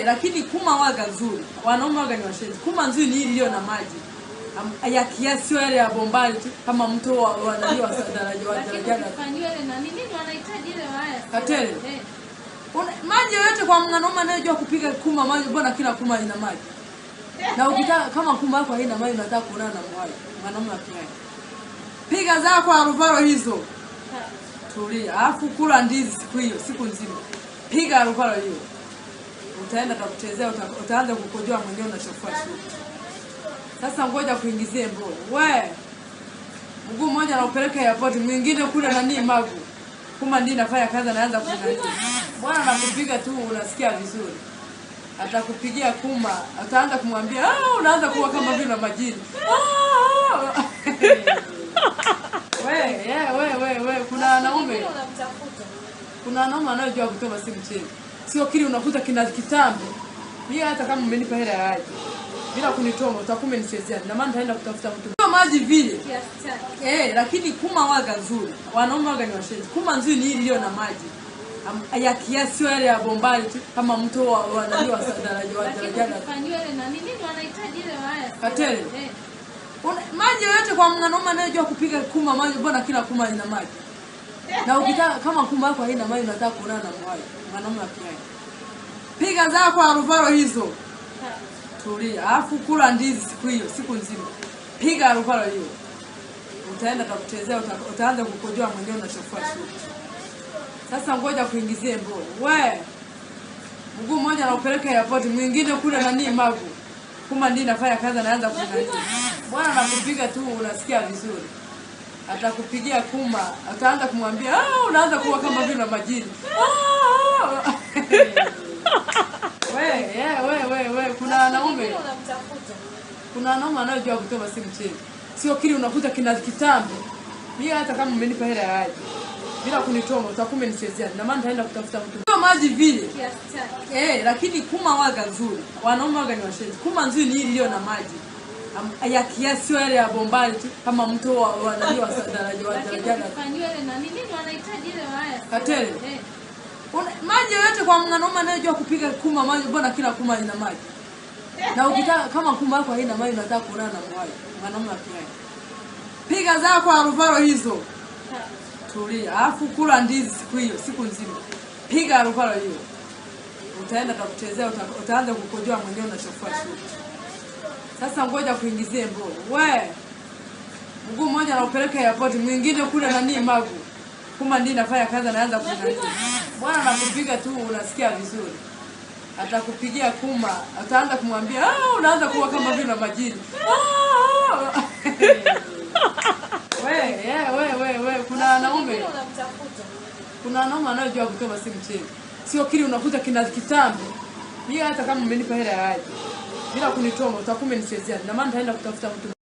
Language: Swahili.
Eh, lakini kuma waga nzuri, wanaume waga ni washenzi. Kuma nzuri ni hili iliyo na maji ya kiasi, sio yale ya bombali tu, kama mtu wa wanajua wasadaraji wa daraja katele maji yoyote kwa mwanaume anayejua kupiga kuma maji, mbona kila kuma ina maji? Na ukitaka kama kuma yako haina maji, unataka kuonana na mwai mwanaume akiai, piga zako arufaro hizo, tulia, alafu kula ndizi siku hiyo, siku nzima, piga arufaro hiyo utaenda utakuchezea, utaanza kukojoa mwenyewe unachofua Sasa ngoja kuingizie mboo we mguu mmoja naupeleka airport, mwingine kule nani magu kuma ndi nafanya kazi, anaanza kunani bwana, nakupiga tu unasikia vizuri, atakupigia kuma, ataanza kumwambia ah, unaanza kuwa kama vile majini ah, ah, ah. we, yeah, we, we, we. Kuna wanaume kuna wanaume anayojua kutoa simu chini sio kile unakuta kina kitambo. Mimi hata kama umenipa hela ya haja bila kunitoa utakume umenichezea, na maana nitaenda kutafuta mtu kwa maji vile kiasi eh, lakini kuma waga nzuri, wanaume waga ni washenzi. Kuma nzuri ni ile iliyo na maji Am, ya kiasi, sio yale ya bombali tu kama mtu wa wanajua sadaraja wa daraja katele eh. maji yoyote kwa mwanaume anayejua kupiga kuma maji, mbona kila kuma ina maji na ukitaka kama kumba yako haina mali, unataka kuonana na mwai mwanamume akiai, piga zako arufaro hizo, tulia, alafu kula ndizi siku hiyo, siku nzima, piga arufaro hiyo, utaenda takuchezea, uta, utaanza kukojoa mwenyewe, unachafua shuti. Sasa ngoja kuingizie mbo we mguu mmoja naupeleka airport, mwingine kule nani mavu kuma ndi nafanya kazi, naanza kuna bwana, nakupiga tu unasikia vizuri atakupigia kuma, ataanza kumwambia ah, unaanza kuwa kama vile majini ah, ah, ah. we, yeah, we, we, we. Kuna wanaume kuna wanaume anayojua kutema si mchezo, sio kile unakuta kina kitambo. Mimi hata kama umenipa hela ya aje bila kunitoma utakume nichezea, na maana nitaenda kutafuta mtu kwa maji vile eh, lakini kuma waga nzuri, wanaume waga ni washenzi. Kuma nzuri ni ile iliyo na maji ya kiasi wale ya bombali tu kama mtu wa nani wa daraja wa daraja katele eh. eh. maji yote kwa mwanaume anayejua kupiga kuma maji, mbona kila kuma ina maji? Eh, na ukitaka kama kuma yako haina maji, unataka kuonana na mwai mwanaume akiai, piga zako arufaro hizo, tulia, alafu kula ndizi siku hiyo, siku nzima, piga arufaro hiyo, utaenda takuchezea, utaanza kukojoa mwenyewe, unachafua shuti sasa ngoja kuingizie mbo. We. Mguu mmoja naupeleka airport, mwingine kule nani magu. Kuma ndi nafanya kazi naanza kunani. Bwana nakupiga tu unasikia vizuri. Atakupigia kuma, ataanza kumwambia, "Ah, unaanza kuwa kama vile majini." Ah, ah, ah. we, yeah, we, we, we, kuna wanaume. Kuna wanaume anayojua kutuma simu chini. Sio kile unakuta kina kitambo. hata kama umenipa hela ya aje bila kunitoa, utakuwa umenichezea. Ndio maana nitaenda kutafuta mtu